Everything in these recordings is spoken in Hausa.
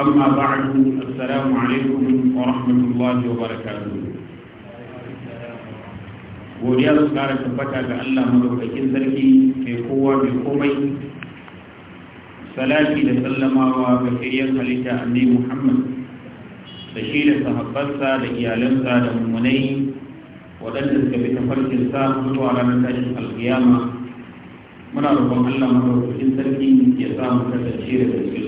أما بعد السلام عليكم ورحمة الله وبركاته وديا سكارة سبتا الله مدوك كنسركي في قوة بقومي سلاكي لسلم وفكريا خليتا أني محمد تشيل صحبتا لإيالنسا لمني ودلس بتفرج الساق وعلى نتاج القيامة من ربما الله مدوك كنسركي يسامك تشيل تشيل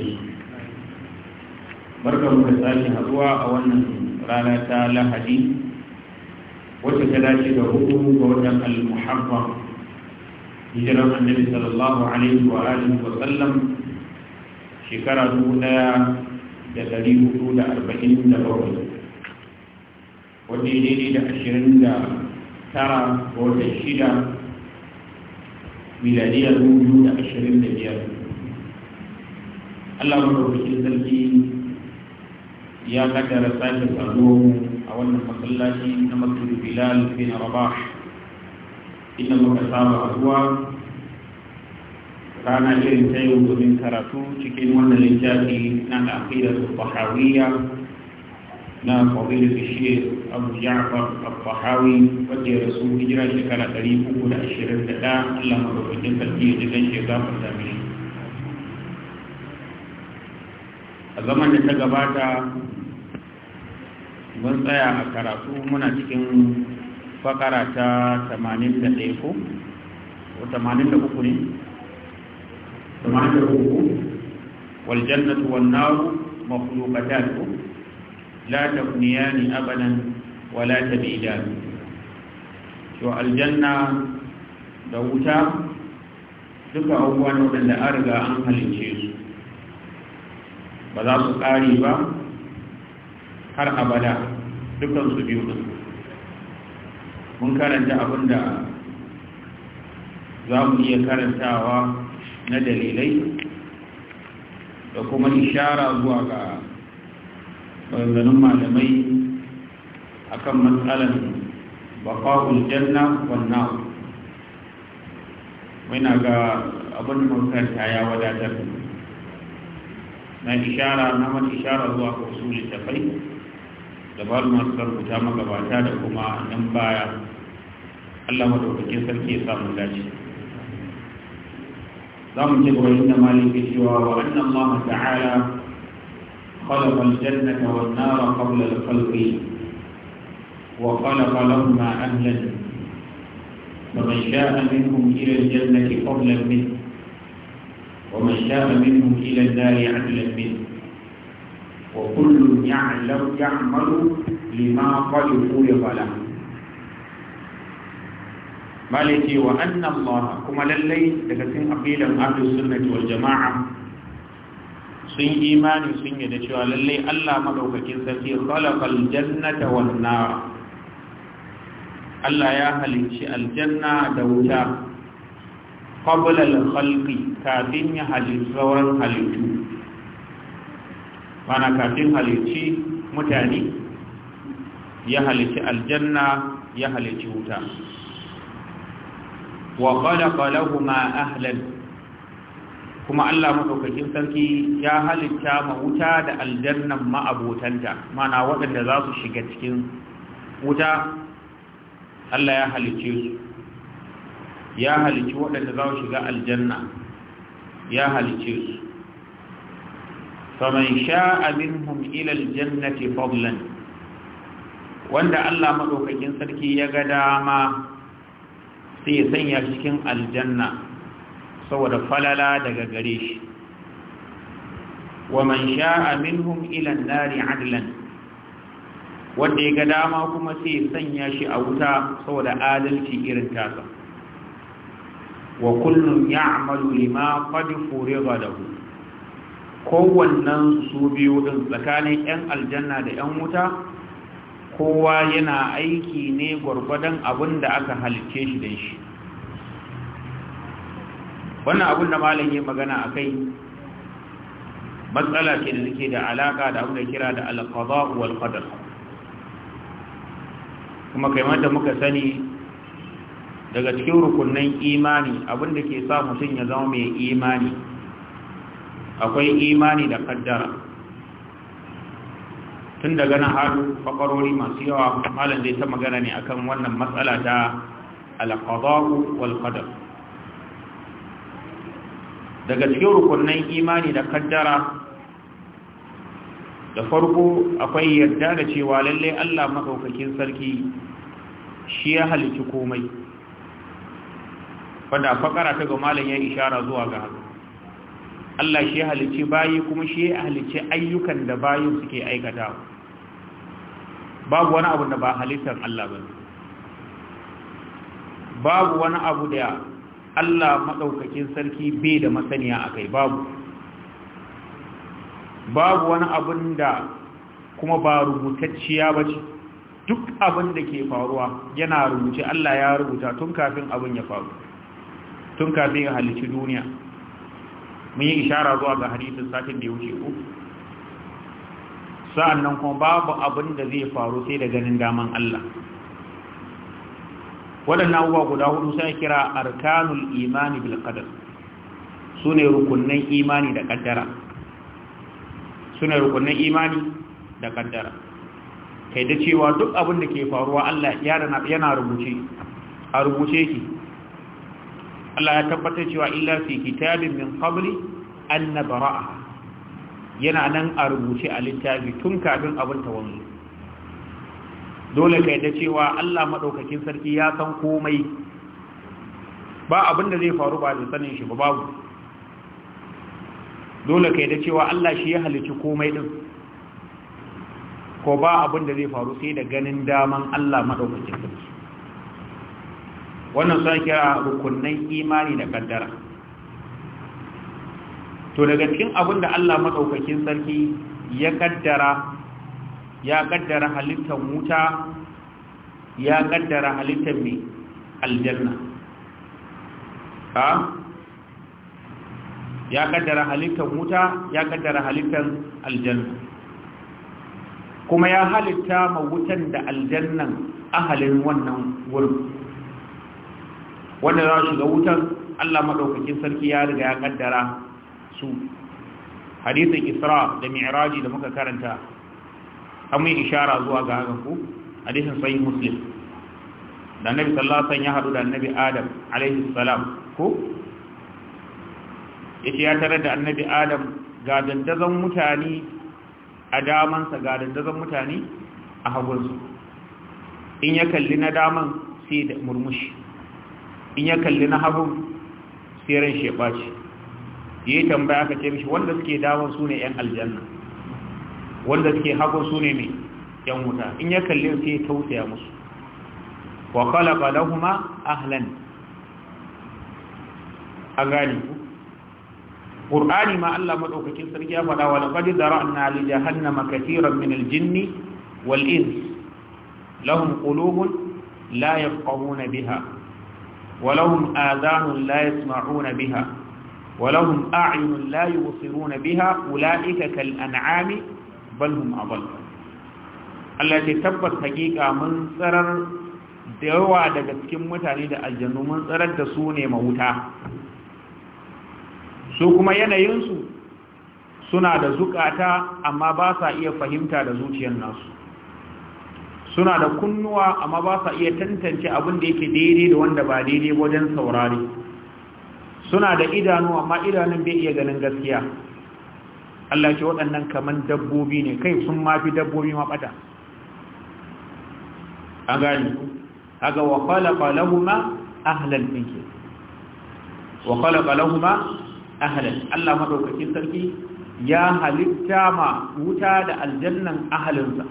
barkan da sake haduwa a wannan rana ta lahadi wacce ta dace da hudu ga watan al-muharram hijiran annabi sallallahu alaihi wa alihi wa sallam shekara dubu daya da dari hudu da arba'in da bakwai wanda ya daidai da ashirin da tara ga watan shida miladiyar dubu da ashirin da biyar Allah mu ɗaukaki sarki ya da sake faruwa a wannan masallaci na masjid bilal bin rabah inda muka saba zuwa. rana irin ta yau domin karatu cikin wannan littafi na al'aqidar bahawiyya na fadilu bishir abu ja'far al-fahawi wadda ya rasu hijira shekara 321 Allah madaukakin sarki da zan ke shekara da a zaman da ta gabata mun tsaya a karatu muna cikin fakara ta 81 ko 83 ne 83 wal jannatu wan nar makhluqatan la tafniyani abadan wala tabidan to aljanna da wuta duka abubuwan ne waɗanda an riga an halince su ba za su ƙare ba har abada su biyu mun karanta abin da za mu iya karantawa na dalilai da kuma ishara zuwa ga ɓangarin malamai kan matsalar bakawul janna wannan muna ga abin karanta ya wadatar na ishara na mata ishara zuwa ga usulun tafai dabaru masu karkuta magabata da kuma nan baya allah madaukakin sarki ya samu dace za mu ce gaba inda maliki cewa wa annan allah ta'ala خلق الجنة والنار قبل الخلق وخلق لهما أهلا فمن شاء منهم إلى الجنة قبلا منه ومن شاء منهم إلى النار عدلا منه وكل يعلم يعمل لما قد خلق له مالكي وأن الله كما للي لكتن أقيلا أهل السنة والجماعة sun imani sun yi da cewa lallai Allah madaukakin sarki khalaqal jannata wan nar Allah ya halicci aljanna da wuta qabla al khalqi kafin ya halicci sauran halittu mana kafin halici mutane ya halici aljanna ya halici wuta wa khalaqa lahumu ahlan kuma Allah madaukakin sarki ya halitta ma wuta da aljannan ma'abotanta mana waɗanda za su shiga cikin wuta Allah ya halice su ya halici waɗanda za su shiga aljanna ya halice su faman sha'a minhum ila aljannati fadlan wanda Allah madaukakin sarki ya ga dama sai ya sanya cikin aljanna saboda falala daga gare shi wa man sha'a minhum ila an-nari adlan wanda ya ga dama kuma sai sanya shi a wuta saboda adalci irin tasa wa kullum ya'malu lima qad furiga lahu Kowannan su biyu din tsakanin 'yan aljanna da 'yan wuta kowa yana aiki ne gwargwadon abin da aka halice shi da shi wannan abin da malam ya magana a kai matsala ke da suke da alaka da abin da kira da alkaza wal qadar kuma kaimar da muka sani daga cikin rukunnan imani abin da ke sa mutum ya zama mai imani akwai imani da kaddara tun daga na haɗu fakarori masu yawa malam zai ta magana ne akan wannan matsala ta alƙadaru wal daga cikin rukunin imani da kaddara da farko akwai yarda da cewa lallai Allah maɗaukakin sarki shi ya halici komai wadda fakara ta ga malam ya ishara zuwa ga haka Allah shi halicci bayi kuma shi halicci ayyukan da bayin suke aikata babu wani abu da ba halittar Allah ba babu wani abu da Allah maɗaukakin sarki bai da masaniya a kai babu babu wani abin da kuma ba rubutacciya ba ce duk abin da ke faruwa yana rubuce Allah ya rubuta tun kafin abin ya faru tun kafin ya halicci duniya mun yi ishara zuwa ga hadisin satin da ya wuce ku sa'annan kuma babu abin da zai faru sai da ganin daman Allah waɗannan abubuwa guda hudu sai kira arkanul imani bil qadar sune rukunnan imani da kaddara sune rukunnan imani da kaddara kai da cewa duk abin da ke faruwa Allah yana rubuce a rubuce ki Allah ya tabbatar cewa illa fi kitabin min qabli an nabra'a yana nan a rubuce a littafi tun kafin abin ta wani dole kai da cewa Allah madaukakin sarki ya san komai ba abin da zai faru ba da sanin shi ba babu dole kai da cewa Allah shi ya halicci komai din ko ba abin da zai faru sai da ganin daman Allah madaukakin sarki wannan sun kira rukunnan imani da kaddara to daga cikin abin da Allah maɗaukakin sarki ya kaddara ya kaddara halittar wuta ya kaddara halittar mai aljanna ha ya kaddara halittar wuta ya kaddara halittar aljanna kuma ya halitta ma wutan da aljannan ahalin wannan wurin wanda za su ga wutan Allah madaukakin sarki ya riga ya kaddara su hadisin Isra da Mi'raji da muka karanta an yi ishara zuwa ga haka ku hadisin sahih Muslim da Annabi sallallahu alaihi wasallam ya haɗu da Annabi Adam salam ko yace ya tare da Annabi Adam ga dandazon mutane a damansa ga dandazon mutane a hagunsu in ya kalli na daman sai da murmushi in ya kalli na hagu sai ran shi ya ɓaci ya yi tambaya aka ce mishi wanda suke damar su ne 'yan aljanna wanda suke hagu su ne mai 'yan wuta in ya kalli sai ya tausaya musu wa khalaqa lahuma ahlan an gane ku Qur'ani ma Allah madaukakin sarki ya faɗa wa laqad dara'na li jahannama katiran min al-jinni wal ins lahum qulubun la yafqahuna biha ولهم آذان لا يسمعون بها ولهم أعين لا يبصرون بها أولئك كالأنعام بل هم أضل التي تبت حقيقة من سرر دوا daga cikin mutane da aljannu mun tsarar da su ne mawuta su kuma yanayinsu suna da zukata amma ba sa iya fahimta da zuciyar nasu suna da kunnuwa amma ba sa iya tantance abin da yake daidai da wanda ba daidai wajen saurari suna da idanu amma idanun bai iya ganin gaskiya Allah ke waɗannan kaman dabbobi ne kai sun mafi dabbobi maɓata an gani haga wa khalaqa lahuma ahlan minki wa khalaqa lahuma ahlan Allah madaukakin sarki ya halitta ma wuta da aljannan ahlinsa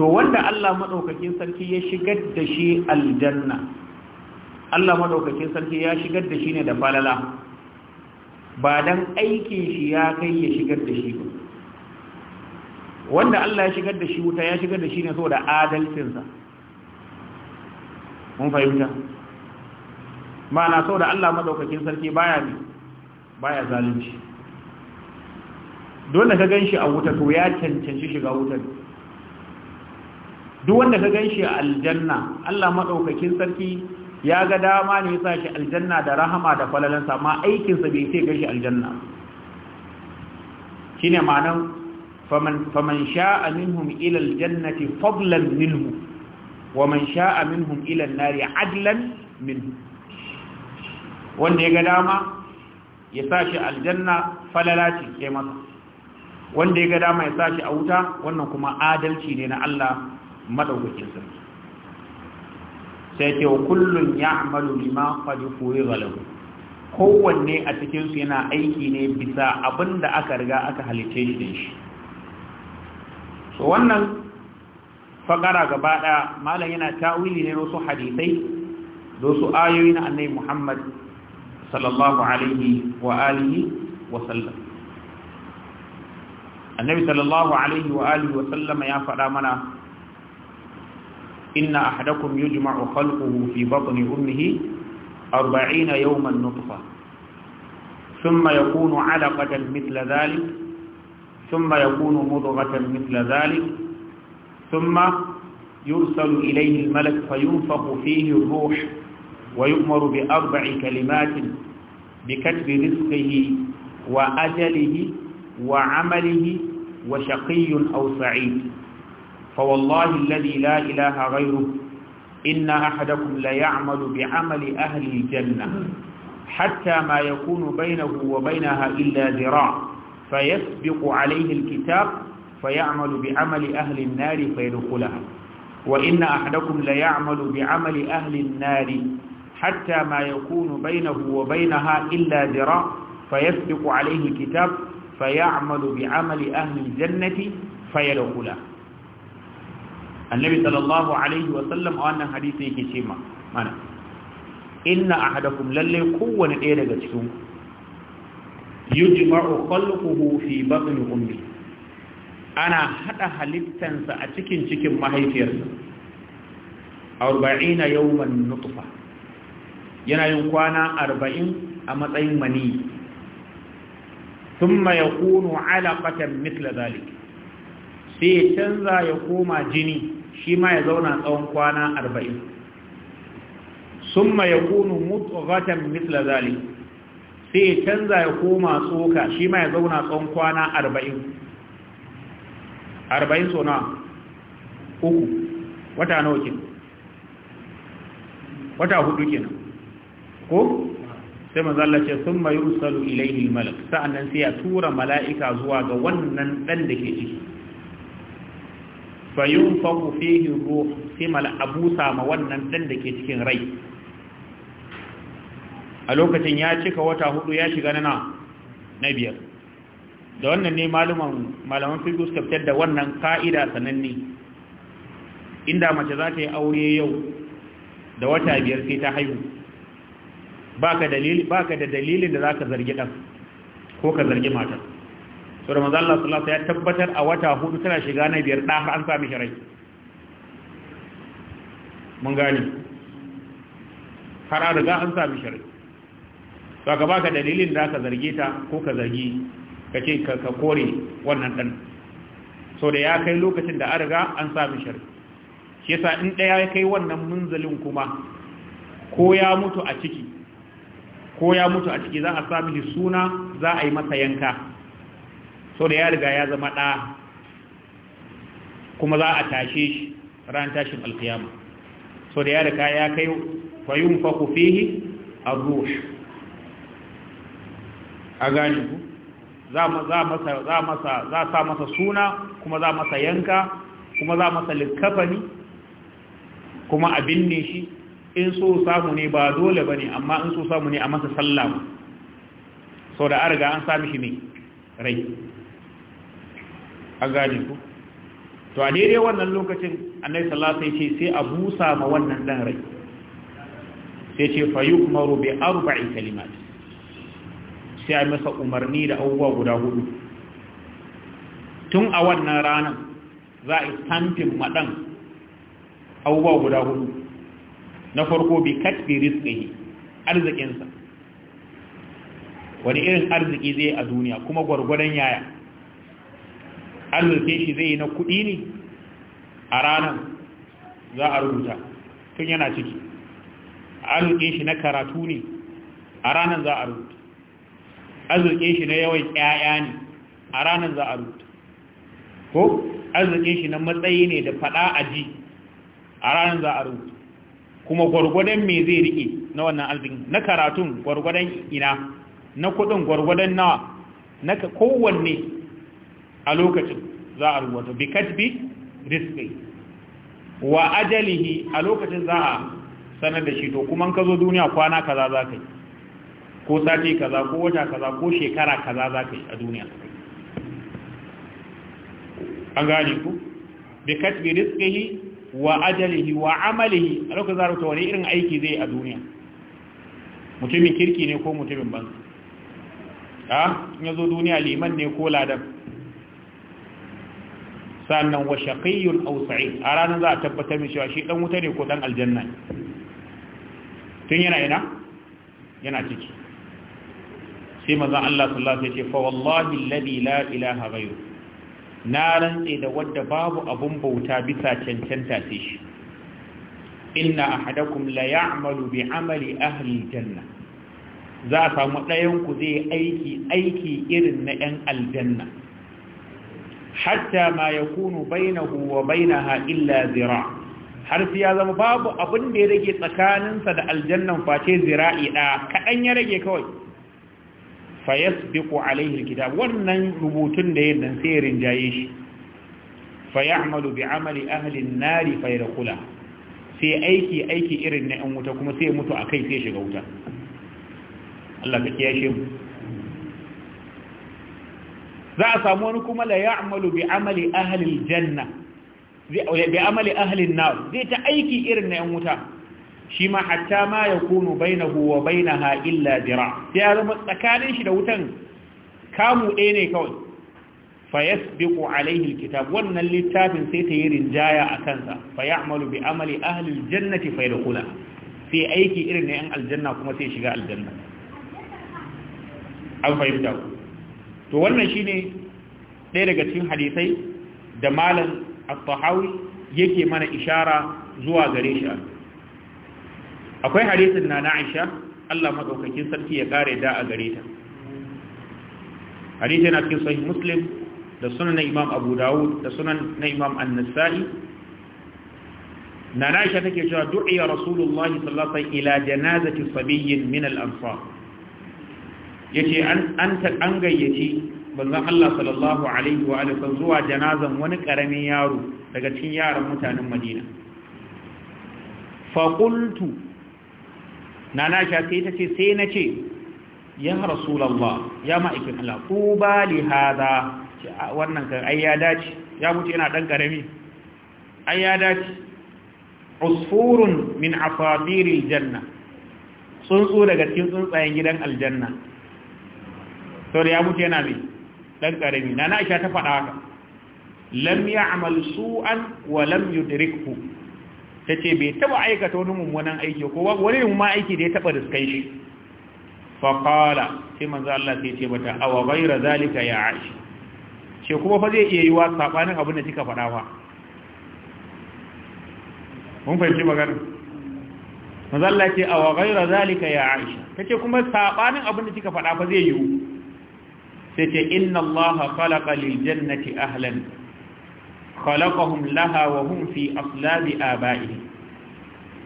to wanda Allah madaukakin sarki ya shigar da shi aljanna Allah madaukakin sarki ya shigar da shi ne da falala ba dan aikin shi ya kai ya shigar da shi ba wanda Allah ya shigar da shi wuta ya shigar da shi ne saboda adalcinsa mun fahimta ma'ana saboda Allah madaukakin sarki baya ne baya zalunci dole ka ganshi a wuta to ya cancanci shiga wutar duk wanda ka gan shi aljanna Allah maɗaukakin sarki ya ga dama ne sa shi aljanna da rahama da falalansa amma aikinsa bai sai gashi aljanna shi ne ma'anan faman sha'a minhum ilal jannati fadlan minhu wa man sha'a minhum ilal nari adlan minhu wanda ya ga dama ya sa shi aljanna falala ce ke masa wanda ya ga dama ya sa shi a wuta wannan kuma adalci ne na Allah madaukakin sarki sai ce wa kullun ya'malu lima qad furiga lahu kowanne a cikin su yana aiki ne bisa abin da aka riga aka halice shi shi so wannan fagara gaba daya malam yana tawili ne wasu hadisai da wasu ayoyi na annabi Muhammad sallallahu alaihi wa alihi wa sallam annabi sallallahu alaihi wa alihi wa sallama ya faɗa mana إن أحدكم يجمع خلقه في بطن أمه أربعين يوما نطفة ثم يكون علقة مثل ذلك ثم يكون مضغة مثل ذلك ثم يرسل إليه الملك فينفخ فيه الروح ويؤمر بأربع كلمات بكتب رزقه وأجله وعمله وشقي أو سعيد فوالله الذي لا إله غيره إن أحدكم ليعمل بعمل أهل الجنة حتى ما يكون بينه وبينها إلا ذراع فيسبق عليه الكتاب فيعمل بعمل أهل النار فيدخلها وإن أحدكم ليعمل بعمل أهل النار حتى ما يكون بينه وبينها إلا ذراع فيسبق عليه الكتاب فيعمل بعمل أهل الجنة فيدخلها annabi sallallahu alaihi wa sallam a wannan hadisi yake ce ma mana inna ahadakum lalle kowane ɗaya daga cikin yujma'u khalquhu fi batni ummi ana hada halittansa a cikin cikin mahaifiyarsa 40 yawman nutfa yana yin kwana 40 a matsayin mani thumma yakunu alaqatan mithla dhalik sai canza ya koma jini shi ma ya zauna tsawon kwana arba'in Sun ma ya kunu mutuwatan mitla zali sai ya canza ya koma tsoka shi ma ya zauna tsawon kwana arba'in arba'in so na uku wata nawa ke wata hudu kenan ko sai mazalla ce sun mayu salu ilaihi malak sa'annan sai ya tura mala'ika zuwa ga wannan dan da ke ciki fa yunfaqu fihi ruh sai mal'abusa ma wannan dan da ke cikin rai a lokacin ya cika wata hudu ya shiga nana na biyar da wannan ne malaman malaman fiqh suka fitar da wannan ka'ida sananne inda mace za ta yi aure yau da wata biyar sai ta haihu baka dalili baka da dalilin da zaka zargi dan ko ka zargi matar to da allah sallallahu alaihi ya tabbatar a wata hudu tana shiga na biyar da har an sami shirai mun gani har an riga an sami shirai to ka baka dalilin da ka zarge ta ko ka zargi ka ce ka kore wannan dan so da ya kai lokacin da an riga an sami shirai shi yasa in daya ya kai wannan munzalin kuma ko ya mutu a ciki ko ya mutu a ciki za a sami suna za a yi masa yanka so da ya riga ya zama ɗa kuma za a tashe shi ran tashin alkiyama so da ya riga ya kai fayun faku fihi a ruwa. a gani ku za sa masa suna kuma za masa yanka kuma za masa likafani kuma a binne shi in so samu ne ba dole ba ne amma in so samu ne a masa sallama sau da an riga an sami shi ne rai a gane ku to a daidai wannan lokacin annai salasa ya ce sai a busa ma wannan dan rai sai ce fayuk maru bai arba'in kalimat sai a masa umarni da abubuwa guda hudu tun a wannan ranar za a yi stampin maɗan abubuwa guda hudu na farko bi katfi rizkihi arzikinsa wani irin arziki zai a duniya kuma gwargwadon yaya arzikin shi zai yi na kuɗi ne a ranar za a rubuta tun yana ciki arzikin shi na karatu ne a ranar za a rubuta arzikin shi na yawan ƴaƴa ne a ranar za a rubuta ko arzikin shi na matsayi ne da faɗa a ji a ranar za a rubuta kuma gwargwadon me zai riƙe na wannan arzikin na karatun gwargwadon ina na kuɗin gwargwadon nawa na kowanne a lokacin za a rubuta bi katbi rizqi wa ajalihi a lokacin za a sanar da shi to kuma ka zo duniya kwana kaza za ka yi ko sati kaza ko wata kaza ko shekara kaza za ka yi a duniya an gane ku bi katbi rizqihi wa ajalihi wa amalihi a lokacin za a rubuta wani irin aiki zai a duniya mutumin kirki ne ko mutumin banza ha ah, in ya zo duniya liman ne ko ladan sannan wa shaqiyyun aw sa'id a ranar za a tabbatar mai cewa shi dan wuta ne ko dan aljanna tun yana ina yana ciki sai maza Allah sallallahu alaihi wasallam ya ce fa wallahi alladhi la ilaha ghayru na rantse da wanda babu abun bauta bisa cancanta sai shi inna ahadakum la ya'malu bi amali ahli janna za a samu ɗayan ku zai aiki aiki irin na 'yan aljanna hatta ma kunu bainahu wa bainaha illa zira har siya ya zama babu abin da ya rage tsakaninsa da aljannan face zira'i da kadan ya rage kawai fa yasbiqu alaihi alkitab wannan rubutun da yayin nan sai rinjaye shi fa ya'malu bi amali ahli an-nar fa sai aiki aiki irin na 'yan wuta kuma sai mutu akai sai shiga wuta Allah ka kiyashe mu za a samu wani kuma la ya'malu bi amali ahli janna bi amali ahli nar zai ta aiki irin na yan wuta shi ma hatta ma kunu bainahu wa bainaha illa dira sai ya zama tsakanin shi da wutan kamu ɗaya ne kawai fayasbiqu alayhi alkitab wannan littafin sai ta yi rinjaya a kansa fayamalu bi amali ahli aljannati fayadkhula sai aiki irin na yan aljanna kuma sai shiga aljanna an fahimta ku to wannan ne ɗaya daga cikin hadisai da malam at-tahawi yake mana ishara zuwa gare shi akwai hadisin na Aisha Allah madaukakin sarki ya kare da a gare ta hadisi na cikin sahih muslim da sunan na imam abu dawud da sunan na imam an-nasa'i na Aisha take cewa du'iya rasulullahi sallallahu alaihi wasallam ila janazati sabiyyin min al Ya ce an an gayyaci manzon Allah sallallahu alaihi wa alihi zuwa janazan wani ƙaramin yaro daga cikin yaran mutanen Madina fa qultu nana sha sai ta ce sai na ce. ya rasulullah ya ma'aikin Allah ba li hada wannan kan ai ya dace ya mutu yana ɗan karami ai ya dace usfurun min afadiril janna tsuntsu daga cikin tsuntsayen gidan aljanna sau da ya mutu yana mai ɗan ƙarami na na'isha ta faɗa haka lam ya'mal su'an wa lam yudrikhu tace bai taba aikata wani mummunan aiki ko wani mumma aiki da ya taba riskai shi fa qala sai manzo Allah sai ce mata aw ghayra zalika ya aishi ce kuma fa zai iya yi wa sabanin abin da kika faɗa fa mun fahimci magana manzo Allah ce aw ghayra zalika ya aishi tace kuma sabanin abin da kika faɗa fa zai yiwu sai ce inna allaha khalaqa lil jannati ahlan khalaqahum laha wa hum fi aslabi aba'ihim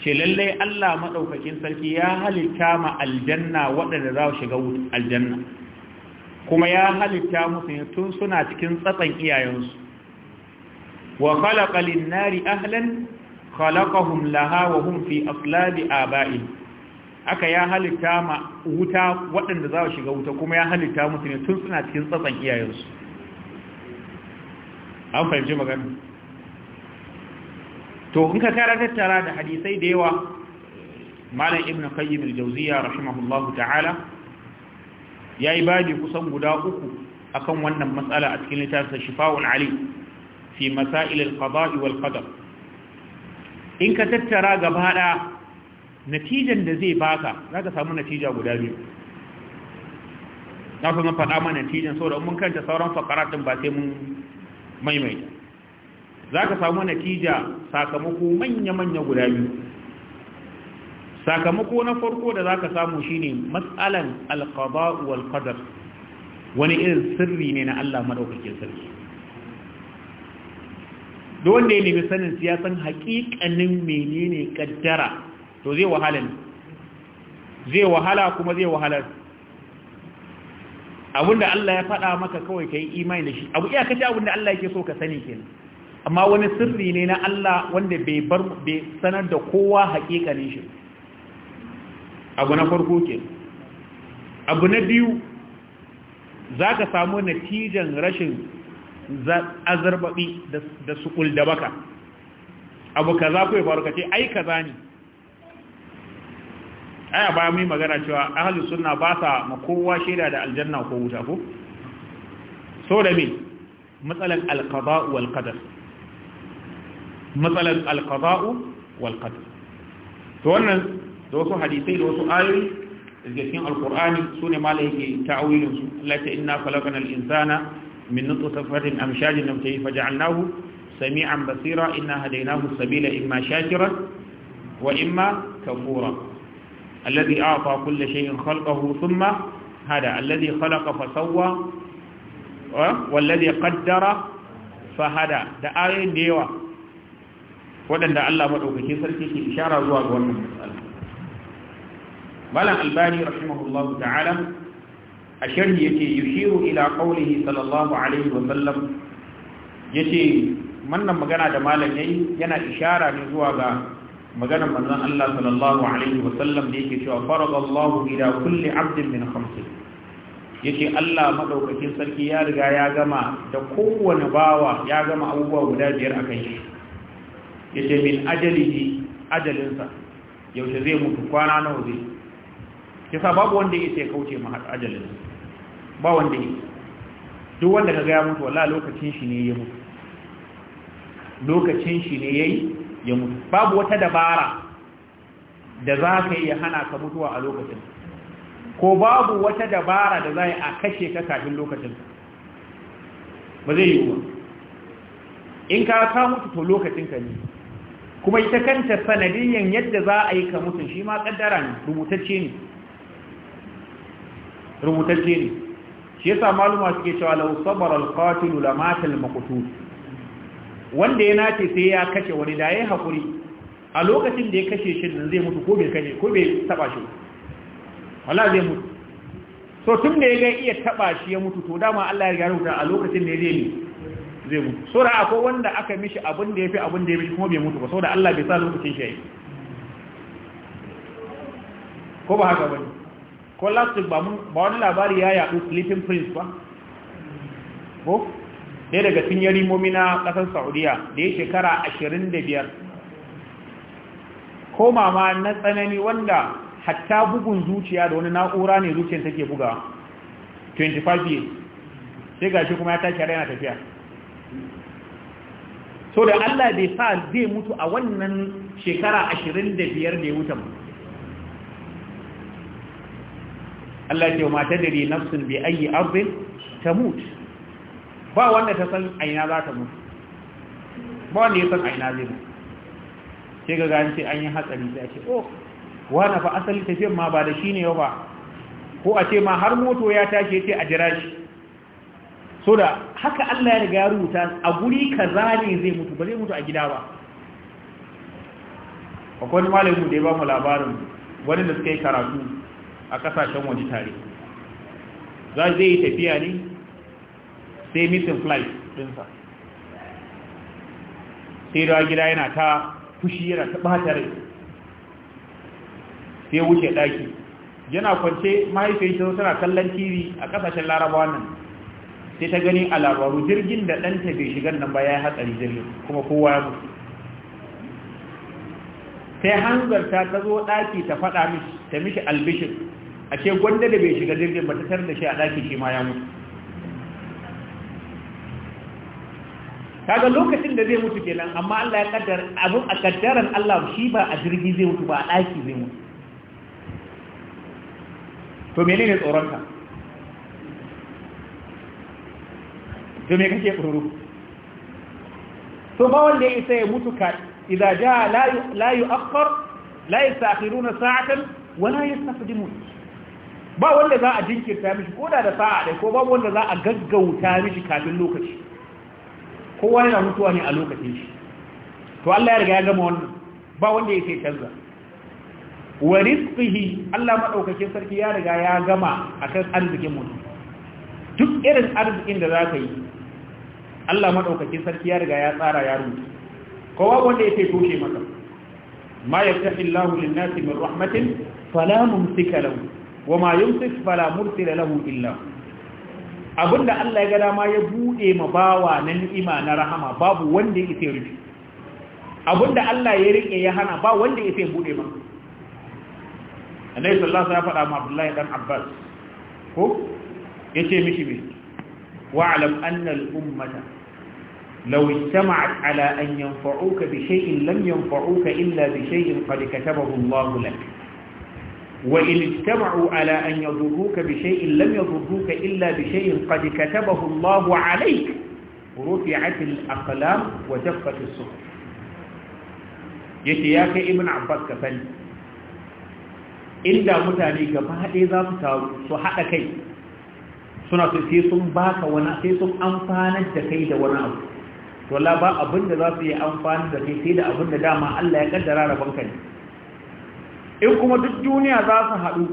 ce lallai Allah maɗaukakin sarki ya halitta ma aljanna waɗanda za su shiga aljanna kuma ya halitta musu tun suna cikin tsatsan iyayensu wa khalaqa lin-nari ahlan khalaqahum laha wa hum fi aslabi aba'ihim aka ya halitta ma wuta waɗanda za shiga wuta kuma ya halitta musu ne tun suna cikin tsatsan iyayensu an fahimci magana to in ka kara tattara da hadisai da yawa malam ibn qayyim al-jawziya rahimahullahu ta'ala yayi babi kusan guda uku akan wannan matsala a cikin littafin shifa'ul ali fi masail al-qada' wal qadar in ka tattara gaba ɗaya natijan da zai baka za ka samu natija guda biyu na kuma faɗa ma natijan saboda mun kanta sauran fakaratun ba sai mun maimaita za ka samu natija sakamako manya-manya guda biyu sakamako na farko da za ka samu shine matsalan alkaba'u alkadar wani irin sirri ne na Allah maɗaukakin sarki da wanda ya nemi sanin siyasan haƙiƙanin menene ƙaddara to zai wahala ne zai wahala kuma zai wahalar abinda Allah ya faɗa maka kawai ka yi imani da shi abu iyaka ji abinda Allah yake so ka sani kenan amma wani sirri ne na Allah wanda bai bar bai sanar da kowa haƙiƙanin shi abu na farko ke abu na biyu zaka samu natijan rashin azarbabi da sukul da baka abu kaza kai barkace ai kaza ne aya ba mu yi magana cewa ahli sunna ba sa ma kowa shaida da aljanna ko wuta ko so da me matsalan alqada'u wal qadar matsalan alqada'u wal qadar to wannan da wasu hadisai da wasu ayoyi daga cikin alqur'ani sune ma yake ta'awilin su lati inna khalaqana al-insana min nutfatin amshajin nabtayhi faj'alnahu sami'an basira inna hadaynahu as-sabila imma shakiran wa imma kafura alladhi a'ta kulla shay'in khalqahu thumma hada alladhi khalaqa fa sawwa walladhi qaddara fa hada da ayoyin da yawa waɗanda Allah madaukake sarki ke ishara zuwa ga wannan matsala malam albani rahimahullahu ta'ala a sharhi yake yushiru ila qawlihi sallallahu alaihi wa sallam yace wannan magana da malam yayi yana ishara ne zuwa ga maganar manzon Allah sallallahu alaihi wa sallam da yake cewa faradallahu ila kulli abdin min khamsi yake Allah madaukakin sarki ya riga ya gama da kowane bawa ya gama abubuwa guda biyar akan shi yake min ajalihi ajalinsa yaushe zai mutu kwana nawa zai kisa babu wanda yake kauce ma ajalin ba wanda yake duk wanda kaga ya mutu wallahi lokacin shi ne ya mutu lokacin shi ne yayi ya mutu babu wata dabara da za ka iya hana ka mutuwa a lokacin ko babu wata dabara da za a kashe ka kafin lokacin ba zai yi ba in ka ka mutu to lokacin ka ne kuma ita kanta sanadiyyan yadda za a yi ka mutu shi ma kaddara ne rubutacce ne rubutacce ne shi yasa maluma suke cewa law sabara al-qatil lamata al-maqtul wanda ya nace sai ya kashe wani da ya yi haƙuri a lokacin da ya kashe shi zai mutu ko bai kashe ko bai taɓa shi wala zai mutu so tun da ya ga iya taɓa shi ya mutu to dama Allah ya rubuta a lokacin da ya zai zai mutu so da akwai wanda aka mishi abin da ya fi abin da ya mishi kuma bai mutu ba saboda Allah bai sa lokacin shi yayi ko ba haka bane ko last ba wani labari ya yaɗu sleeping prince ba ko ɗaya daga cikin yarimomi na ƙasar saudiya da ya shekara ashirin da biyar ko mama na tsanani wanda hatta bugun zuciya da wani na'ura ne zuciyar take buga 25 years sai ga shi kuma ya tashi yana tafiya so da allah bai sa zai mutu a wannan shekara ashirin da biyar da ya wuta mu Allah ce wa mata dare nafsun bi ayi arzin ta mutu ba wanda ta san aina za ta mutu ba wanda ya san aina zai mutu sai ga gani sai an yi hatsari sai a ce oh wani fa asali tafiyan ma ba da shi ne yau ba ko a ce ma har moto ya tashi ce a jira shi so da haka Allah ya riga ya rubuta a guri kaza ne zai mutu ba zai mutu a gida ba akwai malamin da ya ba mu labarin wani da suka yi karatu a kasashen waje tare za zai yi tafiya ne sai missing flight ɗinsa sai da gida yana ta fushi yana ta ɓata rai sai wuce ɗaki yana kwance mahaifiyar tana kallon tv a kasashen larabawa wannan sai ta gani a labaru jirgin da ɗanta bai shigar nan ba ya yi hatsari jirgin kuma kowa ya mutu sai hanzarta ta zo ɗaki ta faɗa mishi ta mishi albishin a ce gwanda da bai shiga jirgin ba ta tar da shi a ɗaki shi ma ya mutu kaga lokacin da zai mutu kenan amma Allah ya kaddar abu a kaddaran Allah shi ba a jirgi zai mutu ba a ɗaki zai mutu to menene tsoronka to me kake tsoro to ba wanda ya isa ya mutu ka idan ja la yu'akhkhar la yastakhiruna sa'atan wa la yastaqdimun ba wanda za a jinkirta mishi ko da da sa'a dai ko ba wanda za a gaggauta mishi kafin lokaci kowa yana mutuwa ne a lokacin shi to Allah ya riga ya gama wannan ba wanda ya canza wa rizqihi Allah madaukakin sarki ya riga ya gama akan arzikin mutum duk irin arzikin da zaka yi Allah madaukakin sarki ya riga ya tsara ya rubuta kowa wanda ya toshe maka ma yaftahi Allahu lin-nasi min rahmatin fala mumsika lahu wa ma yumsik fala mursila lahu illa abinda Allah ya gada ma ya bude ma bawa na ni'ima na rahama babu wanda ya isa rufe abinda Allah ya rike ya hana ba wanda ya isa bude ma Annabi sallallahu alaihi wasallam ya faɗa ma Abdullahi dan Abbas ko yace mishi me wa'lam anna al-ummata law ijtama'at ala an yanfa'uka bi shay'in lam yanfa'uka illa bi shay'in qad katabahu Allah lak وإن اجتمعوا على أن يضروك بشيء لم يضروك إلا بشيء قد كتبه الله عليك رفعت الأقلام وجفت الصحف yake ya kai ibn abbas ka sani inda mutane gaba haɗe za su taru su haɗa kai suna su sai sun baka wani sai sun amfanar da kai da wani abu to la ba abin da za su yi amfanar da kai sai da abin da dama Allah ya kaddara rabon kai in kuma duk duniya za su haɗu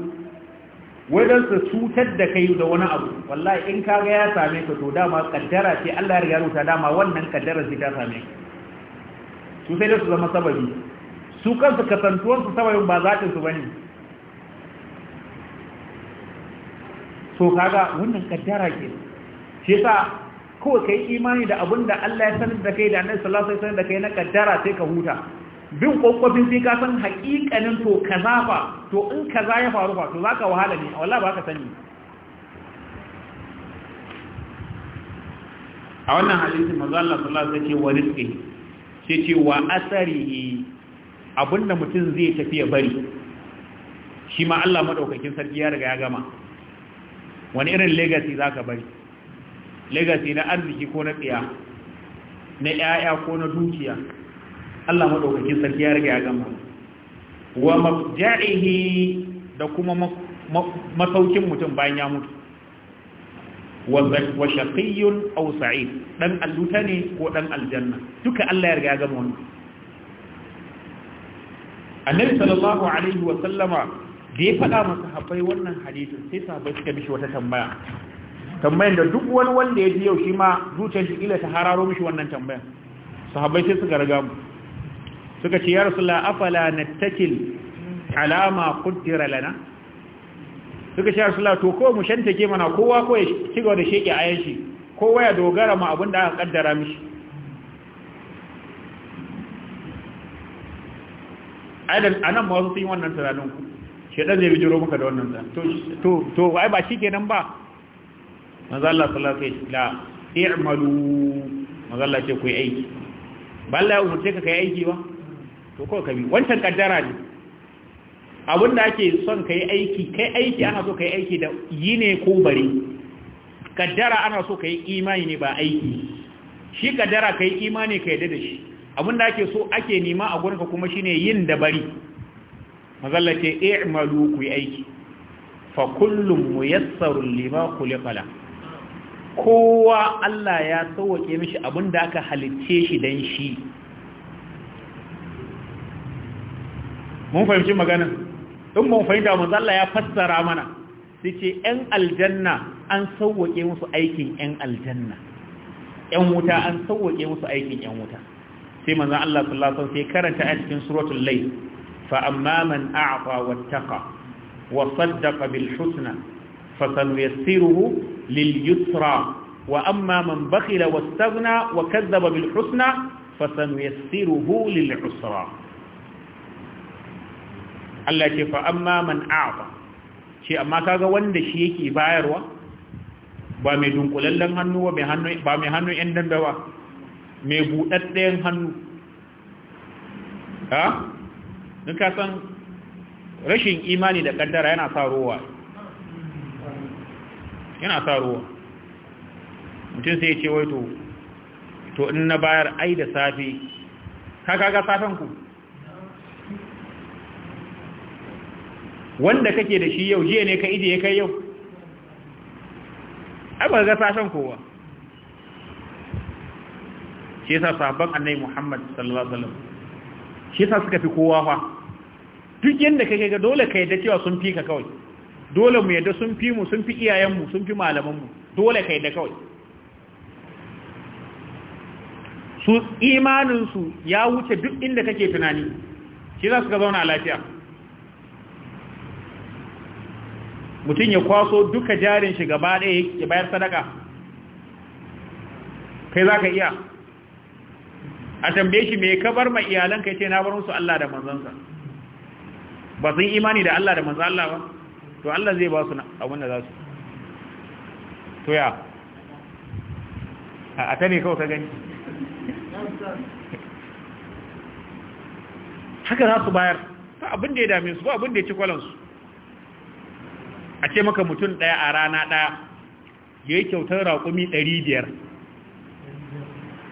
wajen su cutar da kai da wani abu wallahi in kaga ya same ka to dama kaddara ce Allah ya rubuta dama wannan kaddara ce ta same ka su sai da su zama sababi su kansu kasantuwar su sababin ba zatin su bane so kaga wannan kaddara ke shi yasa kawai kai imani da abin da Allah ya sanar da kai da Annabi sallallahu alaihi wasallam da kai na kaddara sai ka huta bin kwakwafin sai ka san haƙiƙanin to kaza fa to in kaza ya faru fa to za ka wahala ne wala ba ka sani a wannan hadisi manzo Allah sallallahu ce wa rizqihi ce wa asarihi abinda mutum zai tafi ya bari shi ma Allah madaukakin sarki ya riga ya gama wani irin legacy ka bari legacy na arziki ko na tsiya na ƴaƴa ko na dukiya Allah madaukakin sarki ya rage a gama wa mabja'ihi da kuma masaukin mutum bayan ya mutu wa shaqiyyun aw sa'id dan alluta ne ko dan aljanna duka Allah ya rage a gama wannan annabi sallallahu alaihi wa sallama da ya faɗa masa habai wannan hadisi sai sahabbai suka mishi wata tambaya tambayan da duk wani wanda ya ji yau shi ma zuciyar shi ila ta hararo mishi wannan tambayan sahabbai sai suka riga mu suka ce ya rasulullah afala na nattakil alama qaddara lana suka ce ya rasulullah to kowa mu shantake mana kowa ko ya gaba da sheke ayan shi kowa ya dogara ma abinda da aka kaddara mishi A nan ma wasu sun yi wannan tunanin ku shedan zai bijiro maka da wannan tsan to to ai ba kenan ba manzo Allah sallallahu alaihi wasallam la i'malu manzo Allah ce ku yi aiki ba Allah ya umurce ka kai aiki ba to kawai ka bi wancan kaddara ne abinda da ake son ka yi aiki kai aiki ana so ka yi aiki da yi ne ko bari kaddara ana so ka yi imani ne ba aiki shi kaddara ka yi imani ka yadda da shi abinda da ake so ake nema a gurinka kuma shine yin da bari mazalla ce i'malu ku yi aiki fa kullum muyassarun lima kulikala kowa Allah ya sauwake mishi abinda da aka halicce shi dan shi mun fahimci magana in mun fahimta manzo Allah ya fassara mana sai ce ƴan aljanna an sauwake musu aikin yan aljanna wuta an sauwake musu aikin yan wuta sai manza Allah sallasau sai karanta a cikin suratun layl fa amma man a'ta wattaqa wa saddaqa bil husna fasanuyassiruhu lil yusra wa amma man bakhila wastaghna wa kazzaba bil husna fasanuyassiruhu lil usra Allah ce fa amma man a'ta ce amma kaga wanda shi yake bayarwa ba mai dunkulallen hannu ba mai hannu ba mai hannu yan dandawa mai budadden hannu ha in ka san rashin imani da kaddara yana sa ruwa yana sa ruwa mutum sai ya ce wai to to in na bayar ai da safi ka kaga safan ku wanda kake da shi yau jiya ne ka ije kai yau ai ba ga sashen kowa shi yasa sabon annabi Muhammad sallallahu alaihi wasallam shi yasa suka fi kowa fa duk yanda kake ga dole ka yadda cewa sun fi ka kawai dole mu yadda sun fi mu sun fi iyayen mu sun fi malaman mu dole ka yadda kawai su imanin su ya wuce duk inda kake tunani shi za su ga zauna lafiya mutum ya kwaso duka jarin shi gaba ɗaya ya bayar sadaka kai za ka iya a tambaye shi mai kabar mai iyalanka kai ce na bar musu Allah da manzansa ba sun imani da Allah da manzan Allah ba to Allah zai ba su abin da za su to ya a ta ne kawai ka gani haka za su bayar ta abin da ya dame su ba abin da ya ci kwalansu a ce maka mutum ɗaya a rana ɗaya ya yi kyautar raƙumi ɗari biyar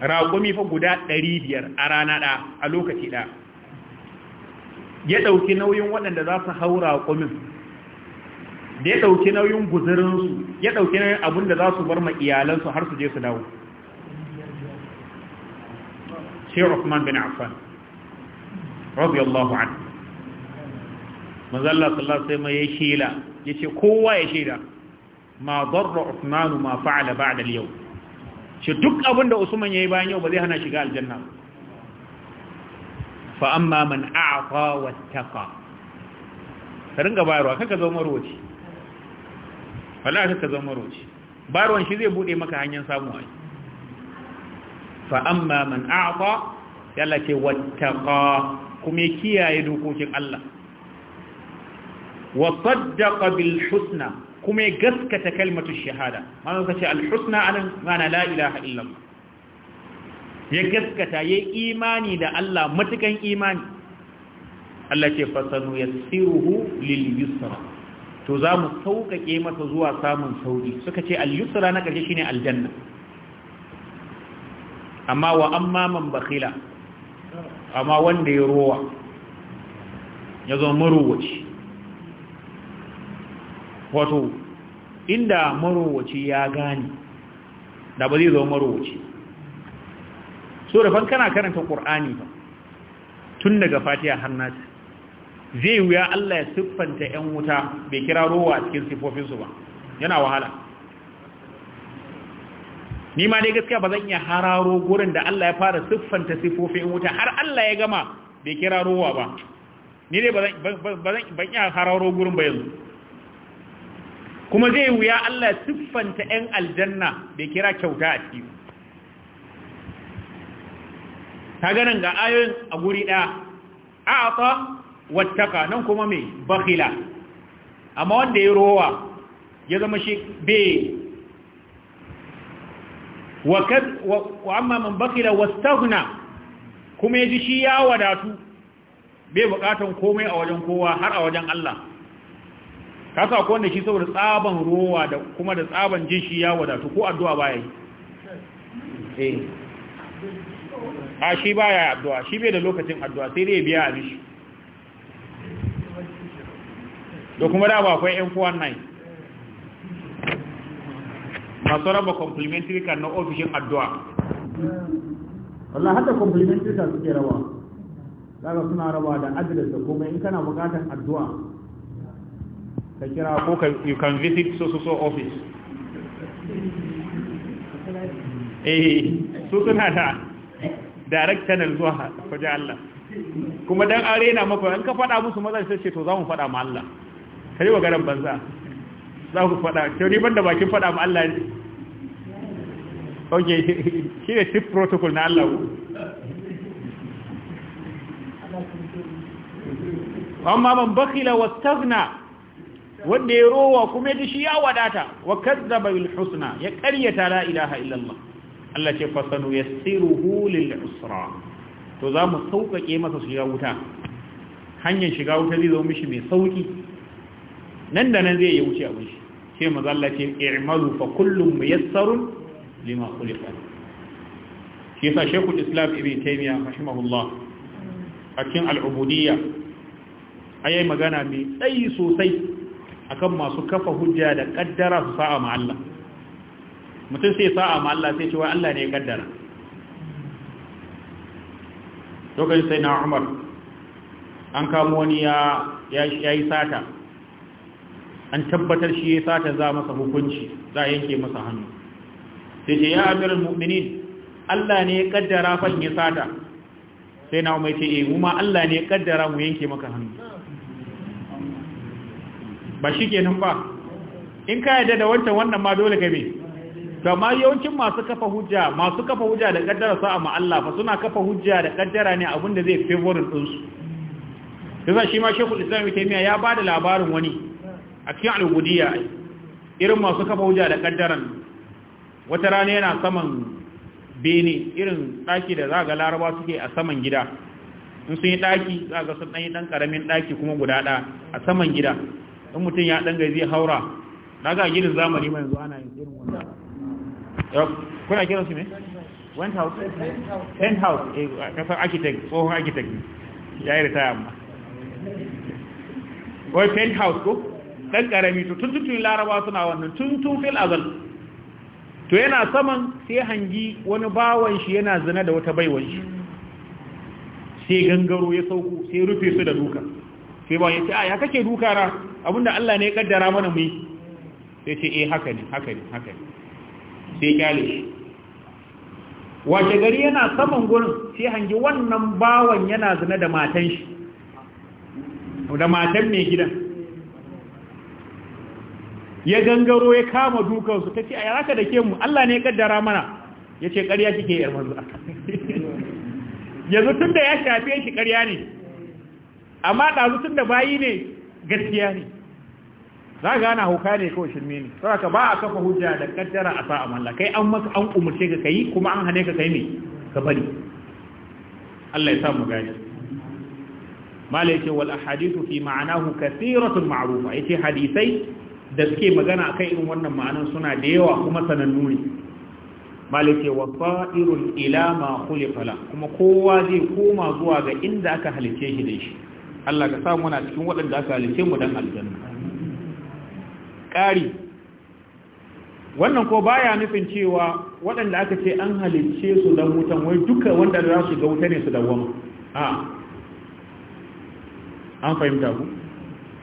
raƙumi fa guda ɗari biyar a rana ɗaya a lokaci ɗaya ya ɗauki nauyin waɗanda za su hau raƙumin da ya ɗauki nauyin guzurinsu ya ɗauki nauyin abin da za su bar ma iyalansu har su je su dawo Sheikh Uthman bin Affan yallahu anhu manzalla sallallahu mai wasallam yayi Ya ce kowa ya sheda ma darra usmanu ma fa'ala ba'da da yawm shi duk abinda usman ya yi bayan yau ba zai hana shiga aljanna fa amma man a'ta wattaqa ka ringa bayarwa kaka zo maroci wallahi kaka zo maroci bayarwan shi zai bude maka hanyar samu ai fa amma man a'ta yalla ce wattaqa kuma kiyaye dokokin Allah wa saddaqa bil husna kuma ya gaskata kalmatu shahada zan kace al husna anan mana la ilaha Allah ya gaskata ya imani da Allah matukan imani Allah ce fasanu yassiruhu lil yusra to za mu sauƙaƙe masa zuwa samun sauƙi suka ce al yusra na ƙarshe shine aljanna amma wa amma man bakhila amma wanda ya rowa ya zama maruwaci wato inda marowaci ya gani, da ba zai zo marowaci so da fan kana karanta ƙur'ani ba tun daga fatiha har nasi zai wuya Allah ya siffanta 'yan wuta bai kira rowa a cikin siffofinsu ba yana wahala ni ma dai gaskiya ba zan iya hararo gurin da Allah ya fara siffanta siffofin wuta har Allah ya gama bai kira rowa ba ni dai ba zan iya hararo gurin ba yanzu kuma zai wuya Allah siffanta 'yan aljanna bai kira kyauta a ciki ta ganin ga ayoyin a guri ɗaya a ta wattaka nan kuma mai bakila amma wanda ya rowa ya zama shi bai wa amma man bakila wastagna kuma ya ji shi ya wadatu bai bukatan komai a wajen kowa har a wajen Allah kasa akwai wanda shi saboda tsaban rowa da kuma da tsaban jin shi ya wadatu ko addu'a baya yi eh a shi baya addu'a shi bai da lokacin addu'a sai dai biya a shi da kuma da ba akwai m419 masu raba complimentary card na ofishin addu'a wallah hada complimentary card suke rawa daga suna raba da adres da kuma in kana bukatan addu'a ka kira ko you can visit so so so office eh so suna da direct channel zuwa faje Allah kuma dan yana maka in ka fada musu maza sai ce to za mu fada ma Allah kai wa garan banza za ku fada to ni banda bakin fada ma Allah ne okay shi ne tip protocol na Allah amma man bakhila wastaghna wanda ya rowa kuma ya shi ya wadata wa kazzaba bil husna ya karyata la ilaha illallah Allah ce fasanu yassiruhu lil usra to za mu sauƙaƙe masa shiga wuta hanyar shiga wuta zai zo mishi mai sauƙi nan da nan zai yi wuce abin shi sai maza Allah ce i'malu fa kullum muyassarun lima khuliqa shi yasa Sheikhul Islam Ibn Taymiyyah rahimahullah a cikin al-ubudiyya ayi magana mai tsayi sosai akan masu kafa hujja da kaddara su sa'a ma Allah mutum sai sa'a ma Allah sai cewa Allah ne ya kaddara lokacin sai na Umar an kamo wani ya yi sata an tabbatar shi ya sata za masa hukunci za yanke masa hannu sai ce ya amiral mu'minin Allah ne ya kaddara fa ya sata sai na umar ce eh mu ma Allah ne ya kaddara mu yanke maka hannu ba shi kenan ba in ka yadda da wancan wannan ma dole gabe to amma yawancin masu kafa hujja masu kafa hujja da kaddara sa amma Allah fa suna kafa hujja da kaddara ne abin da zai favorin din su shi ma Sheikhul Islam Ibn ya bada labarin wani a cikin al-Gudiyya irin masu kafa hujja da kaddaran wata rana yana saman bene irin daki da zaga Laraba suke a saman gida in sun yi daki zaga sun dan yi dan karamin daki kuma guda da a saman gida in mutum ya ɗan zai haura na ga gidan zamani mai zuwa ana yin irin wanda kuna kiran su ne? went house? tent house eh, a kasar architect tsohon architect ya yi ritaya amma wai tent house ko? ɗan ƙarami to tun tuntun laraba suna wannan tun tun fil azal to yana saman sai hangi wani bawan shi yana zina da wata baiwan shi sai gangaro ya sauko sai rufe su da duka sai ba ya ce a ya kake duka na abinda Allah ne ya kaddara mana mu yi sai ce eh haka ne haka ne haka ne sai kyale wace gari yana saman gurin sai hangi wannan bawan yana zina da matan shi da matan mai gidan ya gangaro ya kama dukansu ta ce a yaraka da ke mu Allah ne ya kaddara mana ya ce ƙarya kike yar manzo yanzu tun da ya shafe shi ƙarya ne amma ɗazu tun da bayi ne gaskiya ne za ga ana hauka ne kawai shirme ne saboda ba a kafa hujja da kaddara a sa'a malla kai an maka an umurce ka kai kuma an hane ka kai ne ka bari Allah ya sa mu gani mala yace wal ahadithu fi ma'anahu kathiratun ma'rufa yace hadisai da suke magana akan irin wannan ma'anan suna da yawa kuma sanannu ne mala yace wa fa'irul ila ma khuliqa kuma kowa zai koma zuwa ga inda aka halice shi da shi Allah ka samu na cikin waɗanda aka halice mu dan aljanna ƙari wannan ko baya nufin cewa waɗanda aka ce an halice su dan wutan wai duka wanda za su ga wuta ne su dawwama a an fahimta ku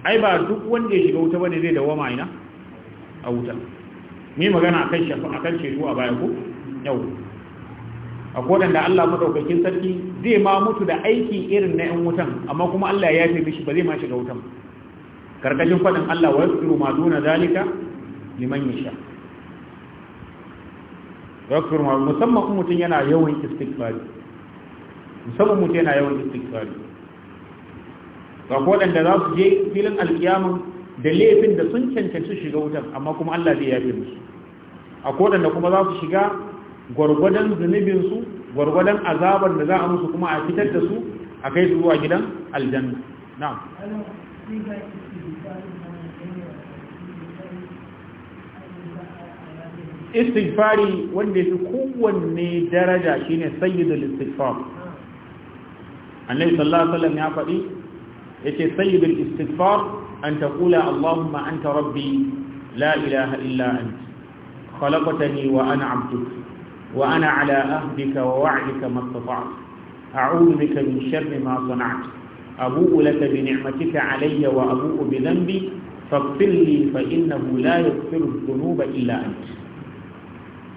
ai ba duk wanda ya shiga wuta bane zai da wama ina a wuta me magana akan shafa akan ceto a baya ko yau a da Allah maɗaukakin sarki zai ma mutu da aiki irin na ‘yan wutan amma kuma Allah ya fi mishi ba zai ma shiga wutan karkashin faɗin Allah wa yaskuru ma duna zalika liman yasha yaskiru ma musamman kuma mutum yana yawan istighfari musamman mutum yana yawan istighfari ga da za su je filin alƙiyamun da laifin da sun cancanci shiga wutan amma kuma Allah zai yafe musu a da kuma za su shiga gwargwadon zunubinsu gwargwadon azabar da za a musu kuma a fitar da su a kai zuwa gidan aljanna na istighfari wanda yake kowanne daraja shine sayyidul istighfar annabi sallallahu alaihi wasallam ya faɗi yace sayyidul istighfar an taqula allahumma ta rabbi la ilaha illa an khalaqtani wa ana وأنا على أهدك ووعدك ما استطعت أعوذ بك من شر ما صنعت أبوء لك بنعمتك علي وأبوء بذنبي فاغفر لي فإنه لا يغفر الذنوب إلا أنت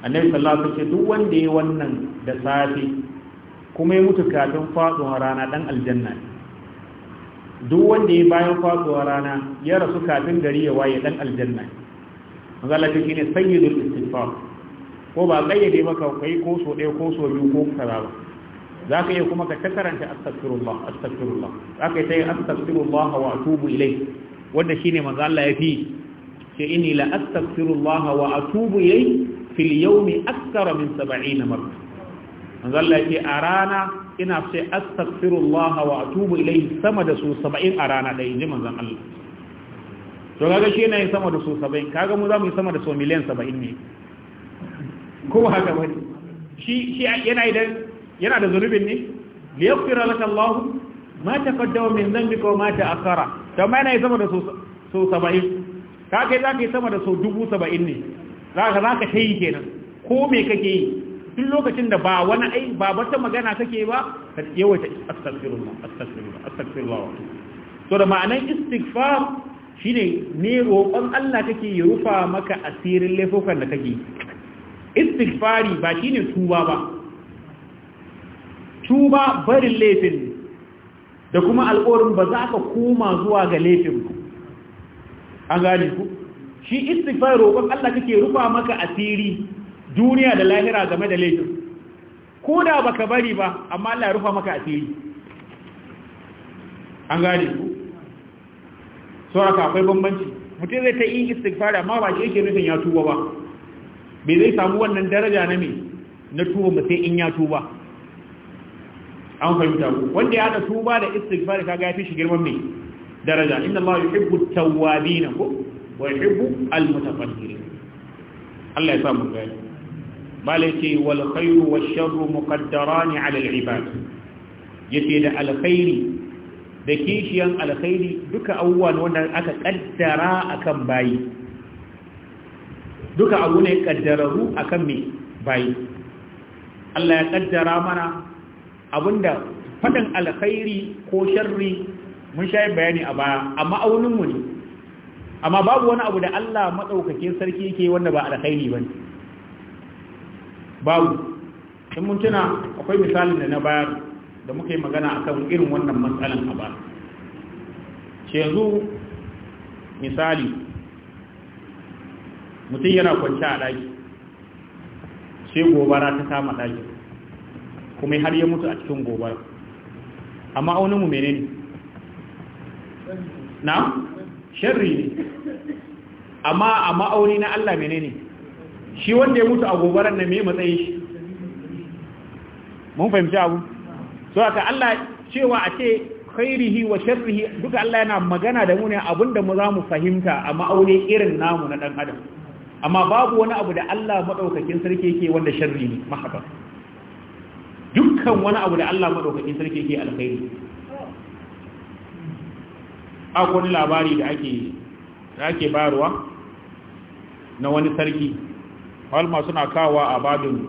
annabi sallallahu alaihi wasallam duk wanda yayi wannan da safe kuma ya mutu kafin faduwar rana dan aljanna duk wanda yayi bayan faduwar rana ya rasu kafin gari ya waye dan aljanna manzo Allah shine sayyidul ko ba kayyade maka yi ko so ɗaya ko so biyu ko kaza ba za ka iya kuma ka ta karanta astaghfirullah astaghfirullah za ka yi ta yi astaghfirullah wa atubu ilai wanda shi ne manzo Allah ya fi ce inni la astaghfirullah wa atubu ilai fil yawmi akthar min 70 marra manzo Allah ya ce a rana ina sai astaghfirullah wa atubu ilai sama da su 70 a rana da inji manzon Allah to kaga shi ne yin sama da su 70 kaga mu za mu yi sama da su miliyan 70 ne ko ba haka ba shi shi yana idan yana da zunubin ne li yaghfira laka Allah ma taqaddama min dhanbika wa ma ta'akhkhara to mai ne sama da so so 70 ka kai zaka yi sama da so 70 ne zaka zaka tayi kenan ko me kake yi duk lokacin da ba wani ai ba wata magana kake ba ka yawaita astaghfirullah astaghfirullah astaghfirullah to da ma'anar istighfar shine ne roƙon Allah kake ya rufa maka asirin laifukan da kake istighfari ba shine tuba ba tuba barin laifin da kuma alƙorin ba za ka koma zuwa ga laifin ku an gane ku shi istighfari roƙon Allah kake rufa maka asiri duniya da lahira game da laifin ko da baka bari ba amma Allah ya rufa maka asiri an gane ku sauraka akwai bambanci mutum zai ta yi istighfari amma ba shi yake nufin ya tuba ba bai zai samu wannan daraja na me na tuba ba sai in ya tuba an fahimta ku wanda ya hada tuba da istighfar kaga ya fi shi girman me daraja inna Allah yuhibbu tawwabin ko wa yuhibbu almutafakkirin Allah ya sa mu gani malaki wal khairu wash sharru muqaddaran ala al ibad yace da alkhairi da kishiyan alkhairi duka abubuwan wanda aka kaddara akan bayi duka abu ne kaddararru akan me bayi Allah ya kaddara mana da fadin alkhairi ko sharri mun shayi bayani a baya amma aunin mu ne amma babu wani abu da Allah madaukakin sarki yake wanda ba alkhairi bane babu in mun tuna akwai misalin da na bayar da muka yi magana akan irin wannan matsalan a ba yanzu misali mutum yana kwanci a ɗaki sai gobara ta kama ɗaki kuma har ya mutu a cikin gobara amma auninmu mene ne na sharri ne amma a ma'auni na Allah mene ne shi wanda ya mutu a gobara na mai matsayi shi mun fahimci abu so aka Allah cewa a ce khairihi wa sharrihi duka Allah yana magana da mu ne abinda mu za mu fahimta a ma'auni irin namu na dan adam amma babu wani abu da Allah madaukakin sarki yake wanda sharri ne mahaka dukkan wani abu da Allah madaukakin sarki yake alkhairi akwai wani labari da ake da ake bayarwa na wani sarki halma suna kawa a babin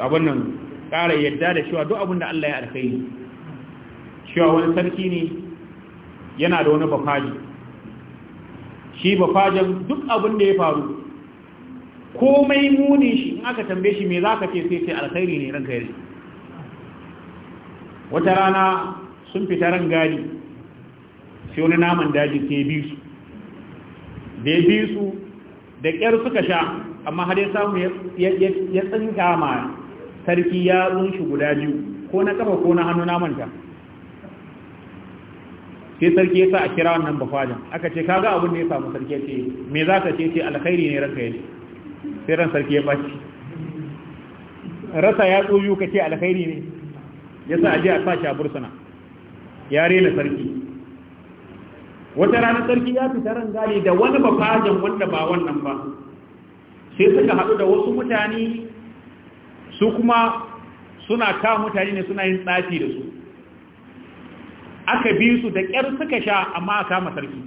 abin nan ƙara yadda da shiwa duk abin da Allah ya alkhairi shiwa wani sarki ne yana da wani bafaji shi ba fajan duk abin da ya faru komai muni shi in aka tambaye shi me za ka ce sai ce alkhairi ne ran yare wata rana sun fita ran gadi sai wani naman daji ke bi su da ya bi su da ƙyar suka sha amma har ya samu ya tsinka ma sarki ya runshi guda biyu ko na kafa ko na hannu namanta sai sarki ya sa a kira wannan bafajan aka ce kaga abin da ya samu sarki ya ce me za ka ce ce alkhairi ne ranka ya sai ran sarki ya baci rasa ya tsoyu ka ce alkhairi ne ya sa aje a sa shi a bursuna ya rena sarki wata rana sarki ya fita ran gane da wani bafajan wanda ba wannan ba sai suka haɗu da wasu mutane su kuma suna ka mutane ne suna yin tsafi da su aka bi su da kyar suka sha amma aka kama sarki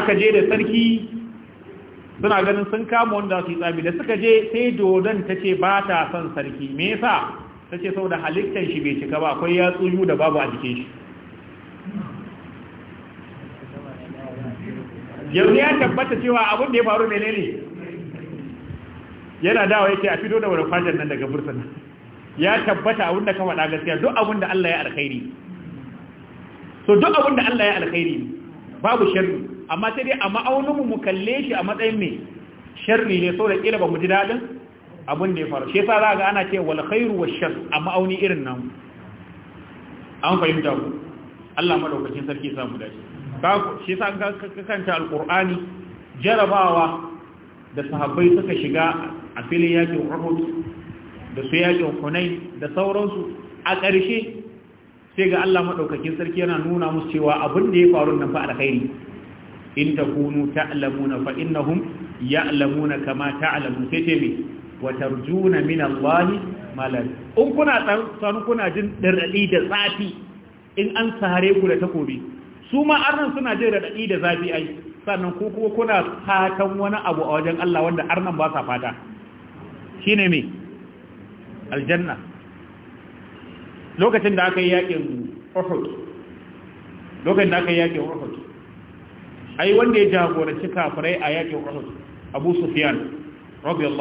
aka je da sarki suna ganin sun kama wanda su yi tsabi da suka je sai dodon ta ce ba ta son sarki me yasa ta ce sau da halittar shi bai cika ba akwai ya tsuyu da babu a jikin shi yanzu ya tabbata cewa abin da ya faru ne ne yana dawa yake a fito da wani fajar nan daga bursa ya tabbata abin da ka faɗa gaskiya duk abin da Allah ya alkhairi so duk abin da Allah ya alkhairi ne babu sharri amma sai dai a ma'aunin mu kalle shi a matsayin me sharri ne saboda kila ba mu ji dadin abin da ya faru shi yasa zaka ga ana ce wal khairu wash shar a ma'auni irin nan an fahimta ku Allah madaukakin sarki ya samu dace ka shi yasa ga kanta alqur'ani jarabawa da sahabbai suka shiga a filin yaƙin Uhud da su yaƙin Hunain da sauransu a ƙarshe sai ga Allah maɗaukakin sarki yana nuna musu cewa abin da ya faru nan fa alkhairi in takunu ta'lamuna fa innahum ya'lamuna kama ta'lamun sai ce me wa tarjuna min Allah ma in kuna kuna jin daradi da zafi in an sare ku da takobi su ma arnan suna jin radadi da zafi ai sannan ku kuma kuna fatan wani abu a wajen Allah wanda arnan ba sa fata shine me aljanna lokacin da aka yi yakin uhud lokacin da aka yi yakin uhud ai wanda ya jagoranci kafirai a yakin uhud abu sufyan rabbi